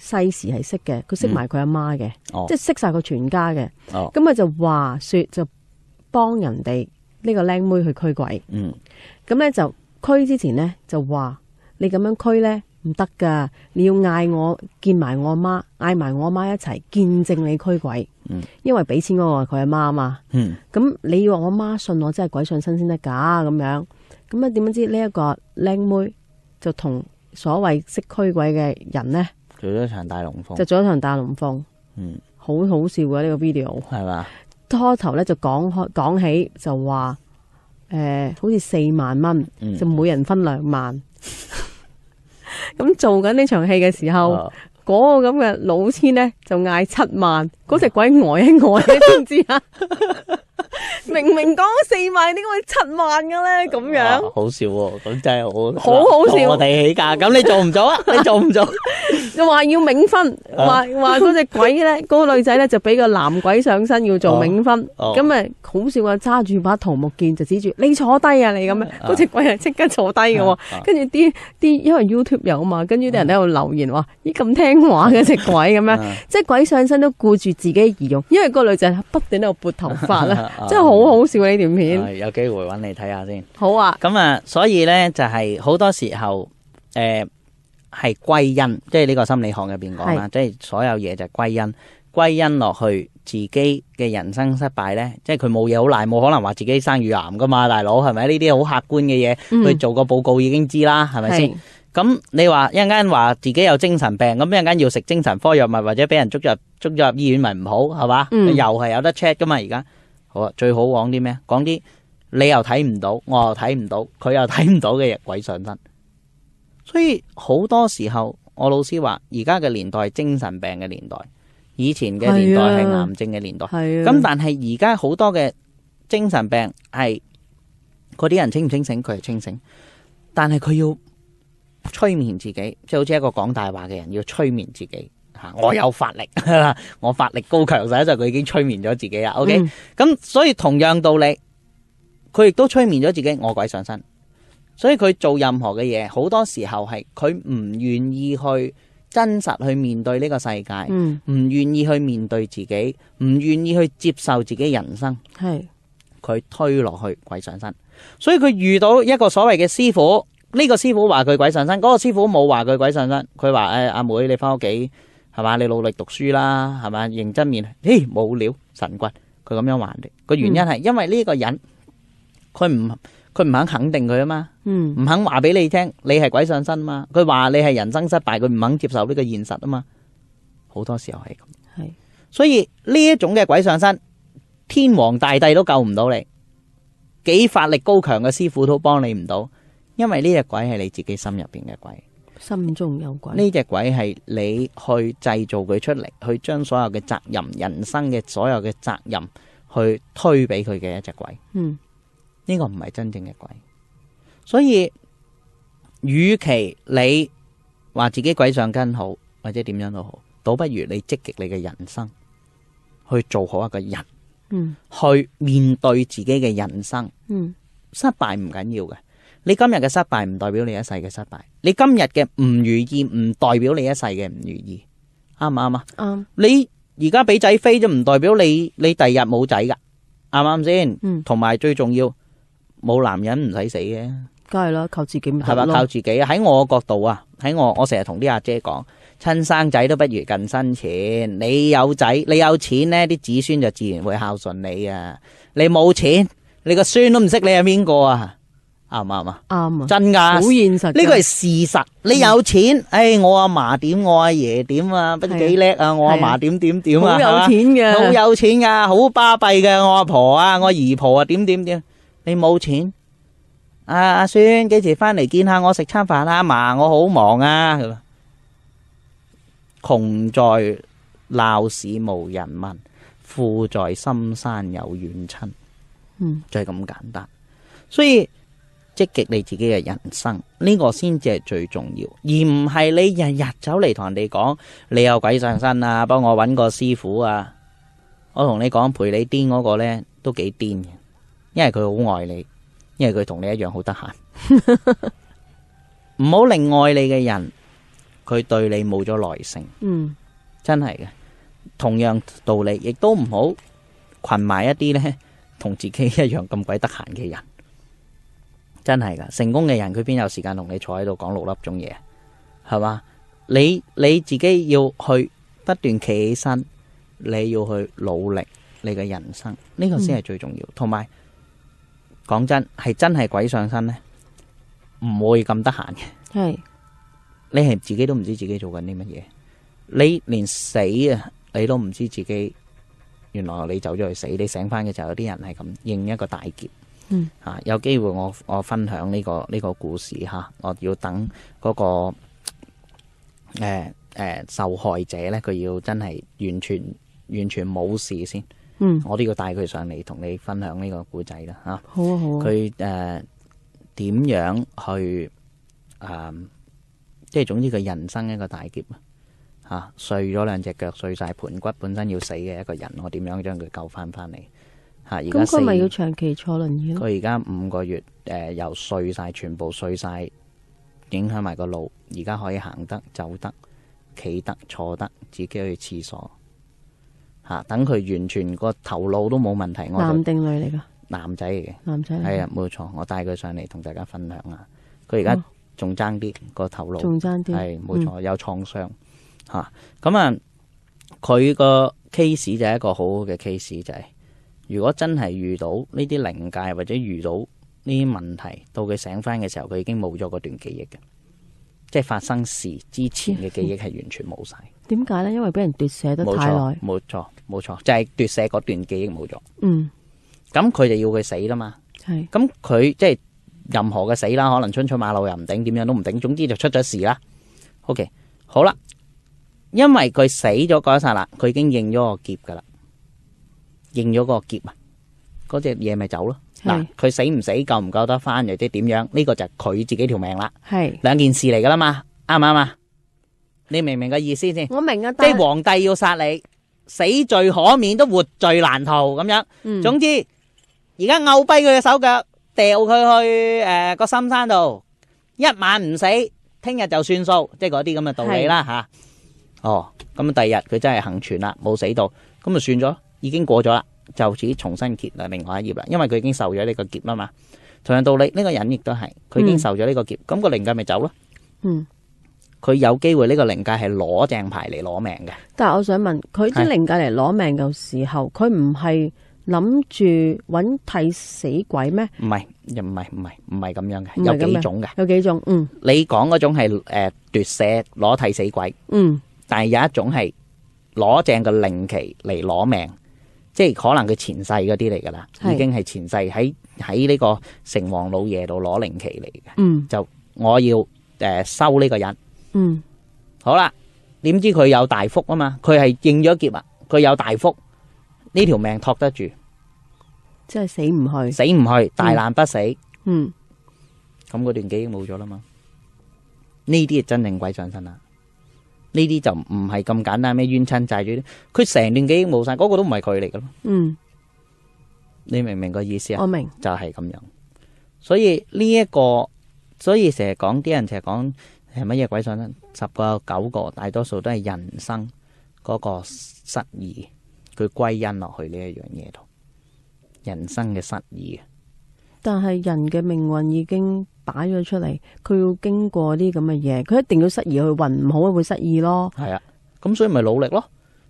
細時係識嘅，佢識埋佢阿媽嘅，嗯哦、即係識晒佢全家嘅。咁啊、哦、就話說就幫人哋呢個靚妹去驅鬼。嗯，咁咧就驅之前呢，就話你咁樣驅呢？唔得噶，你要嗌我見埋我阿媽，嗌埋我阿媽一齊見證你驅鬼。因為俾錢嗰個係佢阿媽啊嘛，咁、嗯、你要我媽信我真係鬼上身先得噶咁樣，咁啊點樣知呢，一個靚妹，就同所謂識驅鬼嘅人呢，做咗一場大龍鳳，就做咗場大龍鳳，嗯，好好笑嘅呢、呢個 video 係嘛吧，拖頭咧就講開講起就話，誒、呃，好似四萬蚊，嗯、就每人分兩萬，咁、嗯、 <laughs> 做緊呢場戲嘅時候。哦嗰個咁嘅老千咧，就嗌七萬，嗰隻鬼呆一呆，你知唔知啦。 <laughs> 明明講四萬，點解會七萬嘅咧？咁樣好笑喎、喔！咁真係好好好笑，我哋起價咁你做唔做啊？你做唔做？又話 <laughs> 要冥婚，話話嗰隻鬼咧，嗰、那個女仔咧就俾個男鬼上身要做冥婚，咁咪、 <laughs> 嗯嗯、好笑啊！揸住把桃木劍就指住你坐低啊！你咁樣，嗰隻鬼係即刻坐低嘅，跟住啲啲因為 YouTube 有啊嘛，跟住啲人喺度留言話：咦咁聽話嘅隻鬼咁樣， <laughs> <laughs> 即係鬼上身都顧住自己儀容，因為個女仔不斷喺度撥頭髮啦。 <laughs> 嗯、真係好好笑呢段片，係有機會搵你睇下先。好啊，咁啊，所以咧就係好多時候誒係歸因，即係呢個心理學入邊講啦，是即係所有嘢就歸因歸因落去自己嘅人生失敗咧，即係佢冇嘢好賴，冇可能話自己生乳癌噶嘛，大佬係咪？呢啲好客觀嘅嘢去做個報告已經知啦，係咪先？咁是、嗯、你話一陣間話自己有精神病，咁一陣間要食精神科藥物或者俾人捉入捉咗入醫院，咪唔好係嘛？又係有得 check 噶嘛？而家。好，最好講啲咩？講啲你又睇唔到，我又睇唔到，佢又睇唔到嘅日鬼上身。所以好多時候，我老師話，而家嘅年代係精神病嘅年代，以前嘅年代係癌症嘅年代。係啊。咁但係而家好多嘅精神病係嗰啲人清唔清醒？佢係清醒，但係佢要催眠自己，即係好似一個講大話嘅人要催眠自己。我有法力， <laughs> 我法力高強，使就佢已經催眠咗自己啦。OK，咁、嗯、所以同樣道理，佢亦都催眠咗自己我鬼上身。所以佢做任何嘅嘢，好多時候係佢唔願意去真實去面對呢個世界，唔願、嗯、意去面對自己，唔願意去接受自己人生。係佢是推落去鬼上身，所以佢遇到一個所謂嘅師傅，呢、這個師傅話佢鬼上身，嗰、那個師傅冇話佢鬼上身，佢話誒阿妹，妹你返屋企。係嘛？你努力讀書啦，係嘛？認真面，咦，冇料神棍，佢咁樣玩你。個原因係因為呢個人，佢唔佢唔肯肯定佢啊嘛，嗯，唔肯話俾你聽，你係鬼上身啊嘛。佢話你係人生失敗，佢唔肯接受呢個現實啊嘛。好多時候係咁，係是。所以呢一種嘅鬼上身，天皇大帝都救唔到你，幾法力高強嘅師傅都幫你唔到，因為呢隻鬼係你自己心入邊嘅鬼。心中有鬼，呢隻鬼係你去製造佢出嚟，去將所有嘅責任、人生嘅所有嘅責任，去推俾佢嘅一隻鬼。嗯，呢個唔係真正嘅鬼，所以，與其你話自己鬼上根好，或者點樣都好，倒不如你積極你嘅人生，去做好一個人。嗯，去面對自己嘅人生。嗯，失敗唔緊要嘅。你今日嘅失敗唔代表你一世嘅失敗，你今日嘅唔如意唔代表你一世嘅唔如意，啱唔啱啊？嗯、你而家俾仔飛咗，唔代表你，你第日冇仔噶，啱唔啱先？嗯、同埋、嗯、最重要，冇男人唔使死嘅。梗係啦，靠自己咪係咪？靠自己啊！喺我角度啊，喺我我成日同啲阿姐講，親生仔都不如近身錢。你有仔，你有錢呢，啲子孫就自然會孝順你啊！你冇錢，你個孫都唔識你係邊個啊？啱唔啱啊？對真噶的，好現實。呢個係事實。你有錢，誒、嗯、哎，我阿嫲點，我阿爺點啊？不知幾叻啊！我阿嫲點點點啊！好有錢嘅，好有錢噶，好巴閉嘅。我阿婆、婆啊，我姨婆啊，點點點。你冇錢，阿阿孫幾時翻嚟見下我食餐飯啊？阿嫲，我好忙啊。窮在鬧市無人問，富在深山有遠親。嗯，就係咁簡單。所以。積極你自己嘅人生，呢個先至係最重要，而唔係你日日走嚟同人哋講你有鬼上身啊，幫我揾個師傅啊！我同你講，陪你癲嗰個呢都幾癲嘅，因為佢好愛你，因為佢同你一樣好得閒。唔好令愛你嘅人，佢對你冇咗耐性。嗯，真係嘅，同樣道理亦都唔好群埋一啲呢同自己一樣咁鬼得閒嘅人。真係噶，成功嘅人佢邊有時間同你坐喺度講六粒鐘嘢，係嘛？你你自己要去不斷企起身，你要去努力你嘅人生，呢個先係最重要。同埋講真，係真係鬼上身呢，唔會咁得閒嘅。係你係自己都唔知自己做緊啲乜嘢，你連死啊，你都唔知自己原來你走咗去死，你醒翻嘅就有啲人係咁應一個大劫。嗯，吓，有機會我我分享呢、這個呢、這個故事吓，我要等嗰、那個誒誒、呃呃、受害者咧，佢要真係完全完全冇事先，嗯，我都要帶佢上嚟同你分享呢個故仔啦，吓，好啊，好啊，佢誒點樣去啊、呃、即係總之佢人生一個大劫啊，吓，碎咗兩隻腳，碎晒盆骨，本身要死嘅一個人，我點樣將佢救翻翻嚟？吓，而家咁佢咪要長期坐輪椅？佢而家五個月，誒、呃，由碎晒，全部碎晒，影響埋個腦。而家可以行得、走得、企得、坐得，自己去廁所吓。等佢完全個頭腦都冇問題。男定女嚟噶？男仔嚟嘅，男仔係啊，冇錯。我帶佢上嚟同大家分享、哦、啊。佢而家仲爭啲個頭腦，仲爭啲係冇錯，有創傷吓。咁啊，佢個、啊、case 就係一個好好嘅 case 就係。如果真係遇到呢啲靈界，或者遇到呢啲問題，到佢醒翻嘅時候，佢已經冇咗嗰段記憶嘅，即係發生事之前嘅記憶係完全冇晒。點解呢？因為俾人奪舍得太耐。冇錯，冇錯，就係奪舍嗰段記憶冇咗。嗯，咁佢就要佢死啦嘛。係是，咁佢即係任何嘅死啦，可能春草馬路又唔頂，點樣都唔頂，總之就出咗事啦。OK，好啦，因為佢死咗嗰一剎那，佢已經應咗個劫噶啦。認咗個劫啊，嗰隻嘢，咪走咯。嗱，佢是死唔死，夠唔夠得翻，或者點樣呢？呢個，就佢自己條命啦。係是兩件事嚟噶啦嘛，啱唔啱啊？你明唔明個意思先？我明啊，即係皇帝要殺你，死罪可免，都活罪難逃咁樣。總之而家拗跛佢嘅手腳，掉佢去誒個、呃、深山度，一晚唔死，聽日就算數，即係嗰啲咁嘅道理啦。吓是、啊、哦、咁、嗯、啊，第二日佢真係幸存啦，冇死到，咁啊，就算咗。已經過咗啦，就此重新揭另外一頁啦。因為佢已經受咗呢個劫啦嘛。同樣道理，呢個人亦都係佢已經受咗呢個劫，咁個靈界咪走咯。嗯，佢有機會呢個靈界係攞正牌嚟攞命嘅。但係我想問佢啲靈界嚟攞命嘅時候，佢唔係諗住揾替死鬼咩？唔係，又唔係，唔係，唔係咁樣嘅。有幾種嘅？有幾種？嗯，你講嗰種係誒奪舍攞替死鬼，嗯，但係有一種係攞正嘅令旗嚟攞命。即係可能佢前世嗰啲嚟噶啦，是已經係前世喺喺呢個城隍老爺度攞靈旗嚟嘅，嗯、就我要誒、呃、收呢個人。嗯，好啦，點知佢有大福啊嘛？佢係應咗劫啊，佢有大福，呢條命托得住，嗯、即係死唔去，死唔去，大難不死。嗯、咁、嗯、嗰段記憶冇咗啦嘛？呢啲係真定鬼上身啦。呢啲就唔係咁簡單，咩冤親債主？佢成段記憶冇晒，嗰、嗰個都唔係佢嚟噶咯。嗯，你明唔明個意思啊？我明，就係咁樣。所以呢、呢、一個，所以成日講啲人成日講係乜嘢鬼上身？十個有九個，大多數都係人生嗰個失意，佢歸因落去呢一樣嘢度，人生嘅失意。但係人嘅命運已經。擺咗出嚟，佢要經過啲咁嘅嘢，佢一定要失意，去運唔好會失意咯。係啊，咁所以咪努力咯。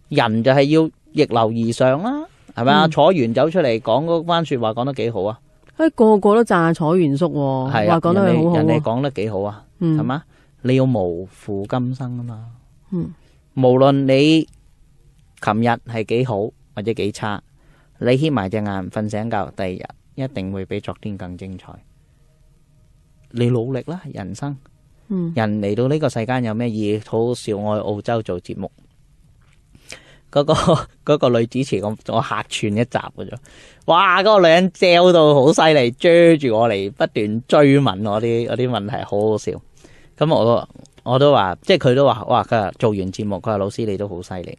人就係要逆流而上啦，係咪啊？彩原、嗯、走出嚟講嗰番說話講得幾好啊！哎、欸，個個都讚彩原叔，啊，講、啊、得好好，人哋講得幾好啊，係嘛？啊嗯、你要無負今生啊嘛。嗯，無論你琴日係幾好或者幾差，你掀埋隻眼瞓醒覺，第二日一定會比昨天更精彩。你努力啦，人生。嗯、人嚟到呢個世間有咩嘢？好好笑，我去澳洲做節目，嗰個嗰個女主持我我客串一集嘅啫。哇！嗰個女人焦到好犀利，追住我嚟不斷追問我啲啲問題，好好笑。咁我我都話，即係佢都話，哇，佢話做完節目，佢話老師你都好犀利。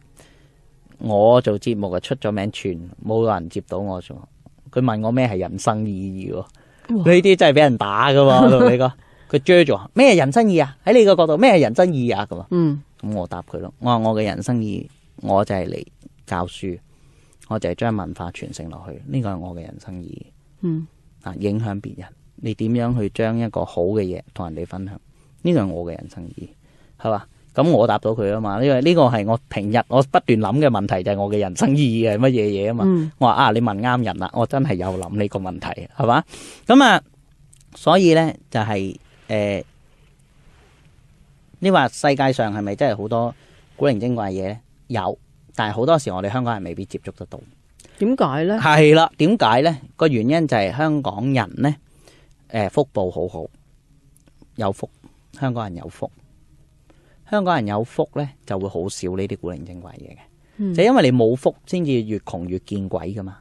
我做節目啊出咗名，串，冇人接到我咗。佢問我咩係人生意義喎？呢啲哇真係俾人打噶喎，同你講佢追咗，咩人生意啊？喺你個角度咩係人生意啊？咁，嗯，咁我答佢咯，我話我嘅人生意，我就係嚟教書，我就係將文化傳承落去，呢個係我嘅人生意，嗯，啊，影響別人，你點樣去將一個好嘅嘢同人哋分享，呢個係我嘅人生意，係嘛？咁我答到佢啊嘛，因為呢個係我平日我不斷諗嘅問題，就係我嘅人生意義係乜嘢嘢啊嘛。我話啊，你問啱人啦，我真係有諗呢個問題，係嘛？咁啊，所以呢就係誒，你話世界上係咪真係好多古靈精怪嘢呢？有，但係好多時我哋香港人未必接觸得到。點解呢？係啦，點解呢？個原因就係香港人呢，誒，福報好好，有福，香港人有福。香港人有福咧，就會好少呢啲古靈精怪嘢嘅，嗯、就因為你冇福，先至越窮越見鬼噶嘛。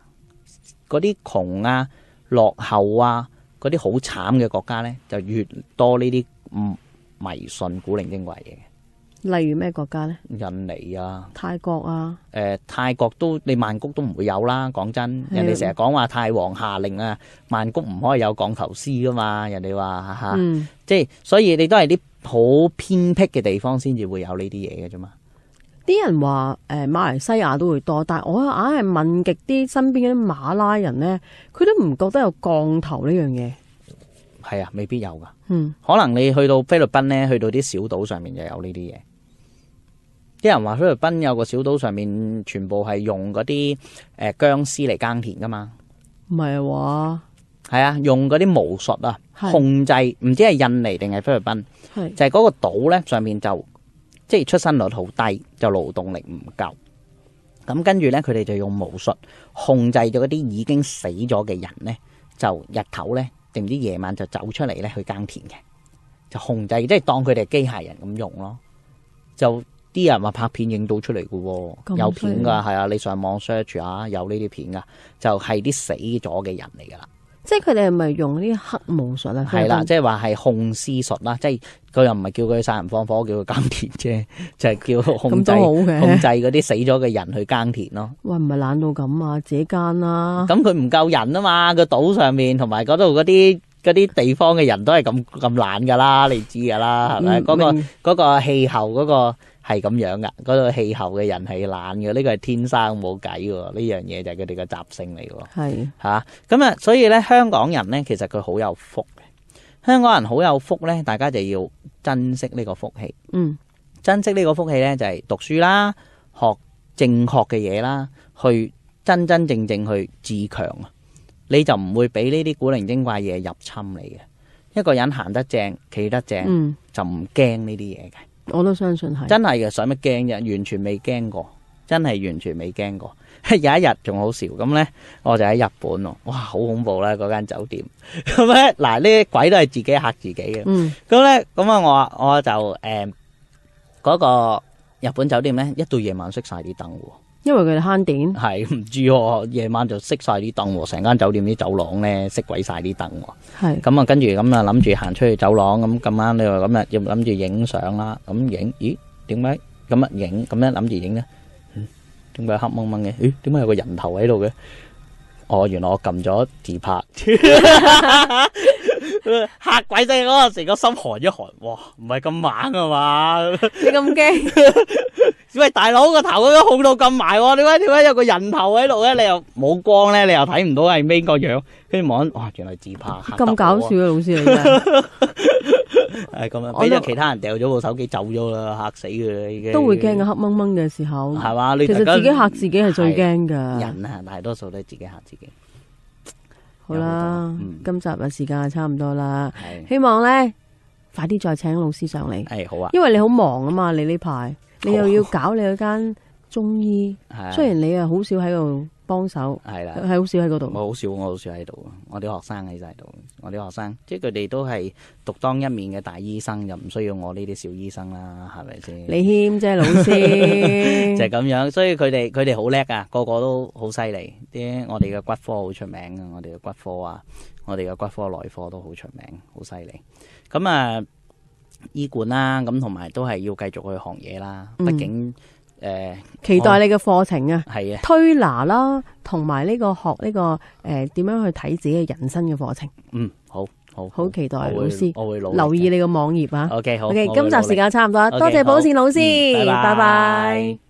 嗰啲窮啊、落後啊、嗰啲好慘嘅國家咧，就越多呢啲迷信、古靈精怪嘢嘅。例如咩國家咧？印尼啊，泰國啊。誒、呃，泰國都你曼谷都唔會有啦。講真，的人哋成日講話泰皇下令啊，曼谷唔可以有降頭師噶嘛。人哋話嚇，哈哈嗯、即係所以你都係啲好偏僻嘅地方先至會有呢啲嘢嘅啫嘛，啲人話誒，馬來西亞都會多，但係我硬係問極啲身邊嗰啲馬拉人呢，佢都唔覺得有降頭呢樣嘢，係啊，未必有噶，嗯，可能你去到菲律賓呢，去到啲小島上面就有呢啲嘢，啲人話菲律賓有個小島上面全部係用嗰啲誒僵屍嚟耕田噶嘛，唔係話。係啊，用嗰啲巫術啊，控制唔是知係印尼定係菲律賓是，就係嗰個島咧上面就即係出生率好低，就勞動力唔夠。咁跟住咧，佢哋就用巫術控制咗嗰啲已經死咗嘅人咧，就日頭咧定唔知夜晚就走出嚟咧去耕田嘅，就控制即係、就是、當佢哋係機械人咁用咯。就啲人話拍片影到出嚟嘅喎，有片噶。係啊，你上網 search 啊，有呢啲片噶，就係、是、啲死咗嘅人嚟噶啦。即係佢哋係咪用啲黑巫術啊？係啦，即係話係控屍術啦，即係佢又唔係叫佢殺人放火，叫佢耕田啫，就係、是、叫控制 <laughs> 也控制嗰啲死咗嘅人去耕田咯。喂，唔係懶到咁啊，自己耕啦、啊。咁佢唔夠人啊嘛，個島上面同埋嗰度嗰啲啲地方嘅人都係咁咁懶噶啦，你知噶啦，係咪、嗯？嗰個嗰個氣候嗰個。係咁樣噶，嗰度氣候嘅人係懶嘅，呢、這個係天生冇計嘅呢樣嘢。這個、就係佢哋嘅習性嚟嘅。係吓咁啊，所以咧，香港人咧，其實佢好有福嘅。香港人好有福咧，大家就要珍惜呢個福氣。嗯，珍惜呢個福氣咧，就係、是、讀書啦，學正確嘅嘢啦，去真真正正去自強啊，你就唔會俾呢啲古靈精怪嘢入侵你嘅。一個人行得正，企得正，嗯、就唔驚呢啲嘢嘅。我都相信係真係嘅，使乜驚啫？完全未驚過，真係完全未驚過。 <laughs> 有一日仲好笑，咁呢，我就喺日本咯，哇，好恐怖啦！嗰間酒店。咁呢，嗱，呢啲鬼都係自己嚇自己嘅。嗯，咁呢咁啊，我我就誒嗰個日本酒店呢，一到夜晚熄晒啲燈。因為佢慳電，係唔知，夜晚就熄晒啲燈喎，成間酒店啲走廊咧熄鬼晒啲燈喎，係咁啊，跟住咁啊諗住行出去走廊，咁今晚你話咁啊要諗住影相啦，咁影，咦，點解咁啊影，咁樣諗住影咧，點解黑蒙蒙嘅？咦，點解有個人頭喺度嘅？哦，原來我撳咗自拍。嚇鬼仔嗰陣，成個心寒一寒，哇！唔係咁猛啊嘛，你咁驚？喂 <laughs> 大佬個 <laughs> 頭都烘到咁埋，你話你話有個人頭喺度咧，你又冇光咧，你又睇唔到係咩個樣，跟住望，哇！原來自拍吓咁搞笑啊，老師你啊 <laughs> <laughs> 係咁啊，俾咗其他人掉咗部手機走咗啦，吓死佢啦，已經都會驚嘅黑掹掹嘅時候，係嘛？你其實自己吓自己係最驚噶，人啊，大多數都係自己吓自己。好啦，嗯、今集嘅時間係差唔多啦，的希望呢，快啲再請老師上嚟。係好啊，因為你好忙啊嘛，你呢排你又要搞你嗰間中醫，好好雖然你啊好少喺度。幫手係啦，係好少喺嗰度。我好少，我好少喺度。我啲學生喺晒度，我啲學生，即係佢哋都係獨當一面嘅大醫生，就唔需要我呢啲小醫生啦，係咪先？你謙啫老師，就係咁樣。所以佢哋佢哋好叻啊，個個都好犀利。啲我哋嘅骨科好出名啊，我哋嘅骨科啊，我哋嘅骨科、內科都好出名，好犀利。咁啊，醫管啦，咁同埋都係要繼續去學嘢啦。畢竟。誒，期待你嘅課程啊，係啊、哦，推拿啦，同埋呢個學呢、這個誒、點、呃、樣去睇自己嘅人生嘅課程。嗯，好，好，好期待會老師，我會留意你個網頁啊。OK，好，OK，今集時間差唔多 okay, 多謝寶善老師，okay, 好拜拜。嗯 bye bye 拜拜。